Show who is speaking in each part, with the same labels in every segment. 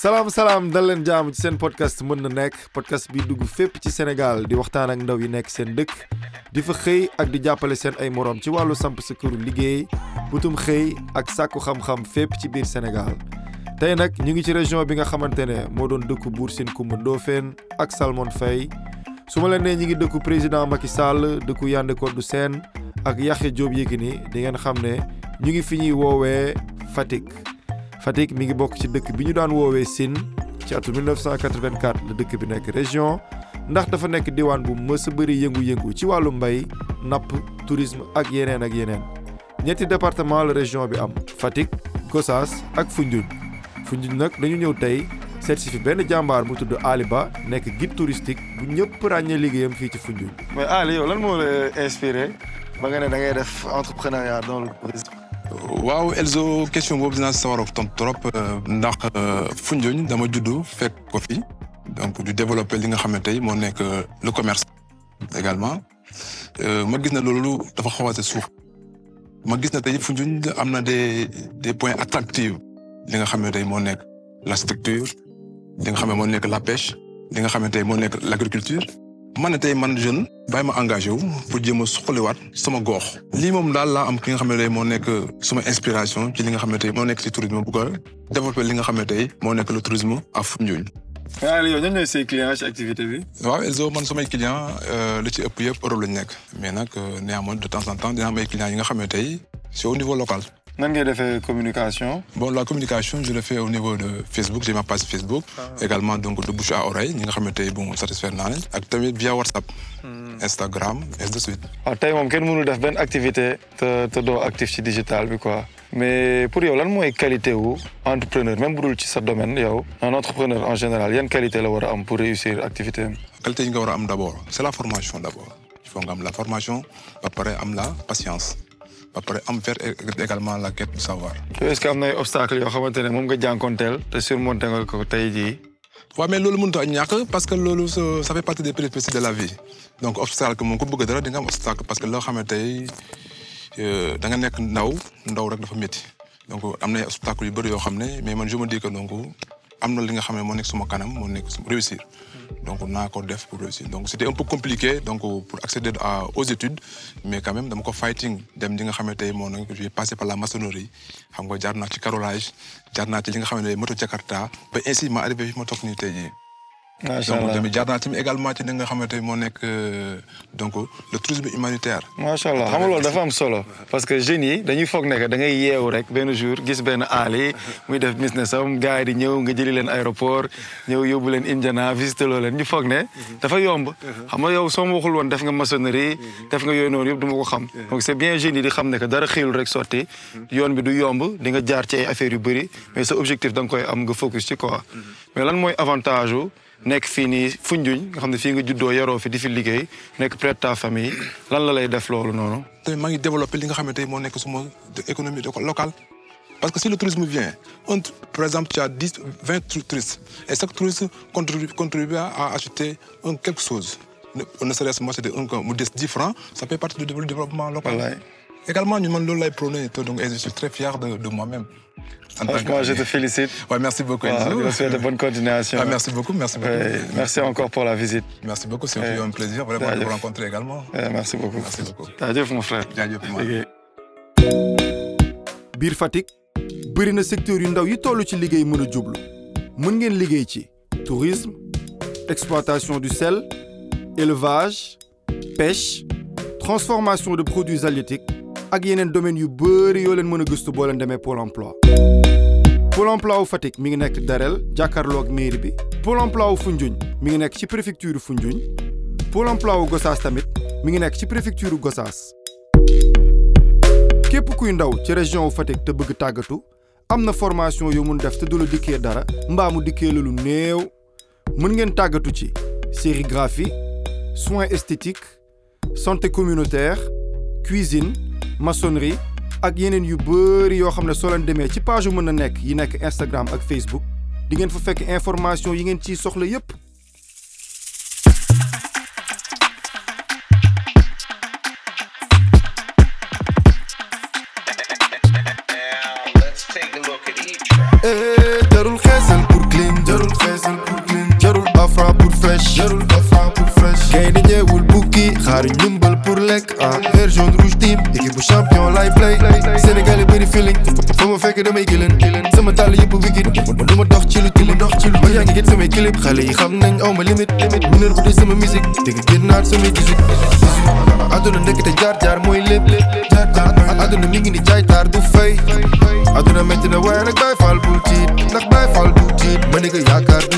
Speaker 1: salaam salaam dal leen jaamu ci seen podcast mën na nekk podcast bi dugg fépp ci Sénégal di waxtaan ak ndaw yi nekk seen dëkk di fa xëy ak di jàppale seen ay moroom ci wàllu samp sa këru liggéey butum xëy ak sàkku xam-xam fépp ci biir Sénégal tey nag ñu ngi ci région bi nga xamante ne moo doon dëkku buur Sine Kumba Ndofène ak Salmon Faye su ma leen nee ñu ngi dëkku président Macky Sall dëkku Yandé Codou seen ak Yaxya Diop Yékini di ngeen xam ne ñu ngi fi ñuy woowee Fatick Fatick mi ngi bokk ci dëkk bi ñu daan woowee Sine ci atu 1984 la dëkk bi nekk région ndax dafa nekk diwaan bu mës a bëri yëngu-yëngu ci wàllu mbay napp tourisme ak yeneen ak yeneen ñetti département la région bi am Fatick Gossas ak Foundiougne Foundiougne nag dañu ñëw tey seet fi benn jàmbaar bu tudd Ali Ba nekk guide touristique bu ñëpp
Speaker 2: ràññee liggéeyam fii ci Foundiougne.
Speaker 1: mais Ali yow lan moo la inspiré ba nga ne da ngay def entrepreneuriat dans le tourisme.
Speaker 2: waaw Elzo question boobu dinaa sawar a tontu trop euh, ndax euh, Foundiougne dama juddu fekk ko fi donc du développer li nga xam ne tey moo nekk euh, le commerce également ma gis na loolu dafa xawaate suuf ma gis na tey Foundiougne am na des des points attractifs li nga xam tey moo nekk la structure li nga xam ne moo nekk la pêche li nga xam ne tey moo nekk l'agriculture man ne tey man jeune bàyyi ma engagé wu pour jéem a suqaliwaat sama goox lii moom daal la am ki nga xam ne tey moo nekk sama inspiration ci li nga xam ne moo nekk ci tourisme bu ko développé li nga xam ne tey moo nekk le tourisme à Foundiougne waaw
Speaker 1: yow ñoom ñooy say clients ci activité bi.
Speaker 2: waaw Elzo man samay clients euh, li ci ëpp yëpp Europe lañu nekk mais nag euh, néanmoins de temps en temps dina am ay clients yi nga xam ne tey c'est au niveau local nan ngeen defee communication. bon la communication je le fais au niveau de Facebook j'ai ma page Facebook. Ah. également donc de bouche à oreille ñi nga xamante ne bon satisfaire naa leen. ak tamit via WhatsApp. Hmm. Instagram et de suite.
Speaker 1: waaw ah, tey moom kenn mënu def benn activité te te doo actif digital bi quoi. mais pour yow lan mooy qualité wu entrepreneur même bu
Speaker 2: dul ci sa domaine yow un entrepreneur en général yan qualité la war am pour réussir activité am. qualité yi nga war a am d' la formation d' abord il am la formation ba am la patience. ba pare am faire également la quête du savoir.
Speaker 1: est-ce que am na ay obstacles yoo xamante ne moom nga jànkoonteel
Speaker 2: te surmonté nga ko tey jii. waaw mais parce que loolu ça fait partie des la vie donc obstacle moom ku bëgg dara di nga am obstacle parce que loo xam ne tey euh, da nga nekk ndaw ndaw rek dafa métti donc am na ay obstacles yu bëri yoo xam ne mais man je me am na li nga xam ne moo nekk suma kanam moo nekk suma réussir donc naa ko def pour réussir donc c'était un peu compliqué donc pour accéder à aux études mais quand même ko fighting dem li nga xam ne tey moo nekk j'ai passé par la maçonnerie xam nga jaar naa ci carrelage jaar naa ci li nga xam ne moto Jakarta ba ainsi ma arrivé moto ma macha allah également ci nga xamante ni moo nekk euh, donc le tourisme macha allah xam nga loolu dafa am solo.
Speaker 1: parce que jeunes yi dañuy foog ne da ngay yeewu rek benn jour gis benn aali muy def business am gars yi di ñëw nga jëli leen aéroport ñëw yóbbu leen Indiana visité leen ñu foog ne. dafa yomb. xam nga yow soo ma waxul woon def nga maçonnerie. def nga yooyu noonu yëpp du ma ko xam. donc c'est bien jeunes di xam ne que dara xiilul rek sotti. yoon bi du yomb di nga jaar ci ay yu bëri mais sa objectif da nga koy am nga focus ci quoi. mais lan mooy avantage nekk fii nii Foundiougne nga xam ne fii nga juddoo yaroo fi di fi liggéey nekk près de ta lan la lay def loolu noonu.
Speaker 2: tey maa ngi développé li nga xam ne moo nekk suma économie locale. Parce que si le tourisme vient, on, par exemple, tu as 10, 20 touristes, et chaque touriste contribue, contribue à acheter un, quelque chose. Ne, ne serait-ce que moi, c'est 10 ça fait partie du développement local. également, nous demandons l'eau prôné et tout. Donc, je suis très fier de, de moi-même. Franchement, je te félicite. Ouais, merci beaucoup, ah, Enzo. Je souhaite de bonne continuation. Ah, merci beaucoup, merci beaucoup. Ouais, merci
Speaker 1: encore pour la visite. Merci beaucoup, c'est ouais. un plaisir vraiment de vous rencontrer également. merci beaucoup. Merci beaucoup. Adieu, mon frère. Adieu, moi. biir Fatick bëri na secteurs yu ndaw yi toll ci liggéey mën a jublu mën ngeen liggéey ci tourisme exploitation du sel élevage pêche transformation de produits halieutiques ak yeneen domaines yu bëri yoo leen mën a gëstu boo leen demee Pôle emploi Pôle emploi wu Fatick mi ngi nekk Darel jàkkaarloo ak mairie bi Pôle emploi wu Foundiougne mi ngi nekk ci préfecture funjuñ Pôle emploi wu Gossas tamit mi ngi nekk ci préfecture Gossas képp kuy ndaw ci région wu Fatick te bëgg tàggatu am na formation yu mun def te du la dikkee dara mbaa mu dikkee la néew mën ngeen tàggatu ci sérigraphie soins esthétiques santé communautaire cuisine maçonnerie ak yeneen yu bëri yoo xam ne soo leen demee ci page yu mën na nekk yi nekk Instagram ak Facebook di ngeen fa fekk information yi ngeen ci soxla yépp xaar ñun bal pour lekk ah vert jaune rouge team équipe bu champion lay play Sénégal yi bëri feeling fa ma fekk damay gëlën sama tàll yëpp wigin man ma dox ci lu ma yaa ngi samay clip xale yi xam nañ aw ma limite mineur bu dee sama musique jaay taar du fay àdduna metti na waaye nag Baay Faal bu tiit ndax Baay Faal ma ne yaakaar du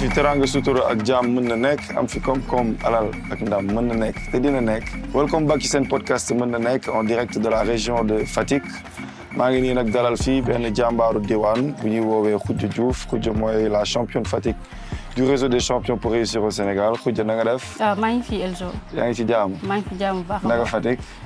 Speaker 1: fi teraanga sutura ak jaam mën na nekk am fi koom-koom alal ak ndam mën na nekk te dina nekk. welcome back ci seen podcast mën na nekk en direct de la région de Fatick maa ngi nii nag dalal fii benn jàmbaaru diwaan bu ñuy woowee Khoudia Diouf Khoudia mooy la championne Fatick. du réseau des champions pour réussir au Sénégal Khoudia na nga def.
Speaker 3: waaw ah, maa fi Elzo.
Speaker 1: yaa ngi ci jàmm.
Speaker 3: maa ngi ci jàmm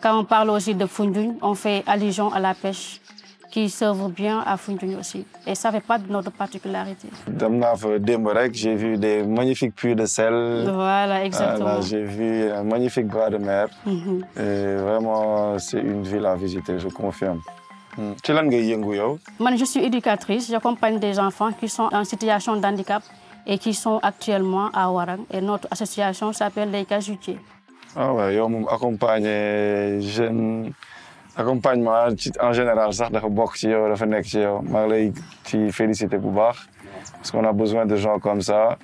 Speaker 3: Quand on parle aussi de Fundjoun, on fait allusion à la pêche qui servent bien à Fundjoun aussi. Et ça fait pas de notre particularité.
Speaker 1: J'ai vu des magnifiques puits de sel. Voilà, ah, exactement. J'ai vu un magnifique bras de mer. Mm -hmm. Et vraiment, c'est une ville à visiter, je confirme. Mm.
Speaker 3: Je suis éducatrice, j'accompagne des enfants qui sont en situation de handicap et qui sont actuellement à Warang. Et notre association s'appelle les Cajutiers.
Speaker 1: waaw yow moom accompagner jeune accompagnement ci en général sax dafa bokk ci yow dafa nekk ci yow maa ngi lay ci félicité bu baax parce qu'on a de gens comme ça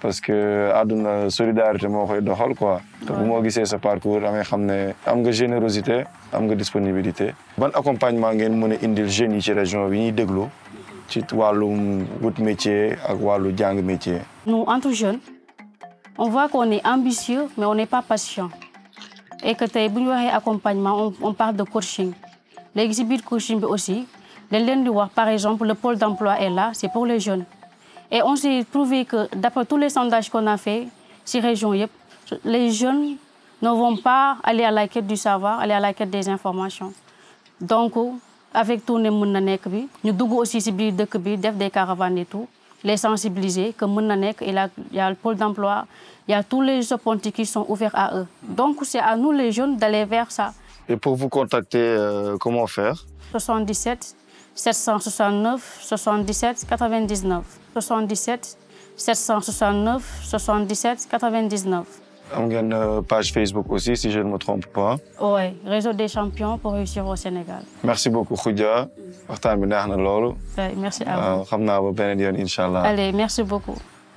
Speaker 1: parce que àdduna solidarité moo koy doxal quoi. bu moo gisee sa parcours da ngay xam ne am nga générosité am nga disponibilité. ban accompagnement ngeen mën a indil jeunes yi ci région bi ñuy déglu ci wàllum wut métier ak wàllu jàng métier.
Speaker 3: nous entre jeunes. on voit qu'on est ambitieux on n'est pas patient et que tey bu ñu waxee accompagnement on parle de coaching léegi si biir coaching bi aussi dañ leen di wax par exemple le pôle d'emploi est là c'est pour les jeunes et on s'est trouvé que d'après tous les sondages qu'on a fait si région yëpp les jeunes ne vont pas aller à la quête du savoir aller à la quête des informations donc avec tournée mën na nekk bi ñu dugg aussi si biir dëkk bi def des caravanes et tout les sensibiliser que mën na nekk il y a le pôle d'emploi il y a tous les apprentis qui sont ouverts à eux donc c'est à nous les jeunes d'aller vers ça.
Speaker 1: et pour vous contacter euh, comment faire.
Speaker 3: 77 769 77 99 77 769 77 99.
Speaker 1: Am ngeen euh, page Facebook aussi si je ne me trompe pas.
Speaker 3: réseau des champions pour réussir au Sénégal.
Speaker 1: merci beaucoup Khoudia. waxtaan bi neex na loolu.
Speaker 3: Euh,
Speaker 1: xam naa ba beneen yoon incha allah. allez merci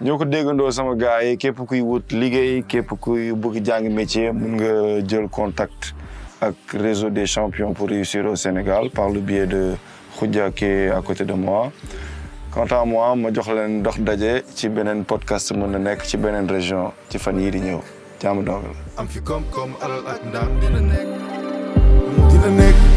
Speaker 1: ñoo ko déggandoo sama gars yi képp kuy wut liggéey képp kuy bëgg jàng métier mun nga jël contact ak réseau des champions pour réussir Sénégal par le biais de Khoudia qui de moi. quant à moi jox leen dox daje ci beneen podcast mën na nekk ci beneen région ci fan yii di ñëw. jaamu dong la. am fi koom-koom alal ak ndam dina nekk. dina nekk.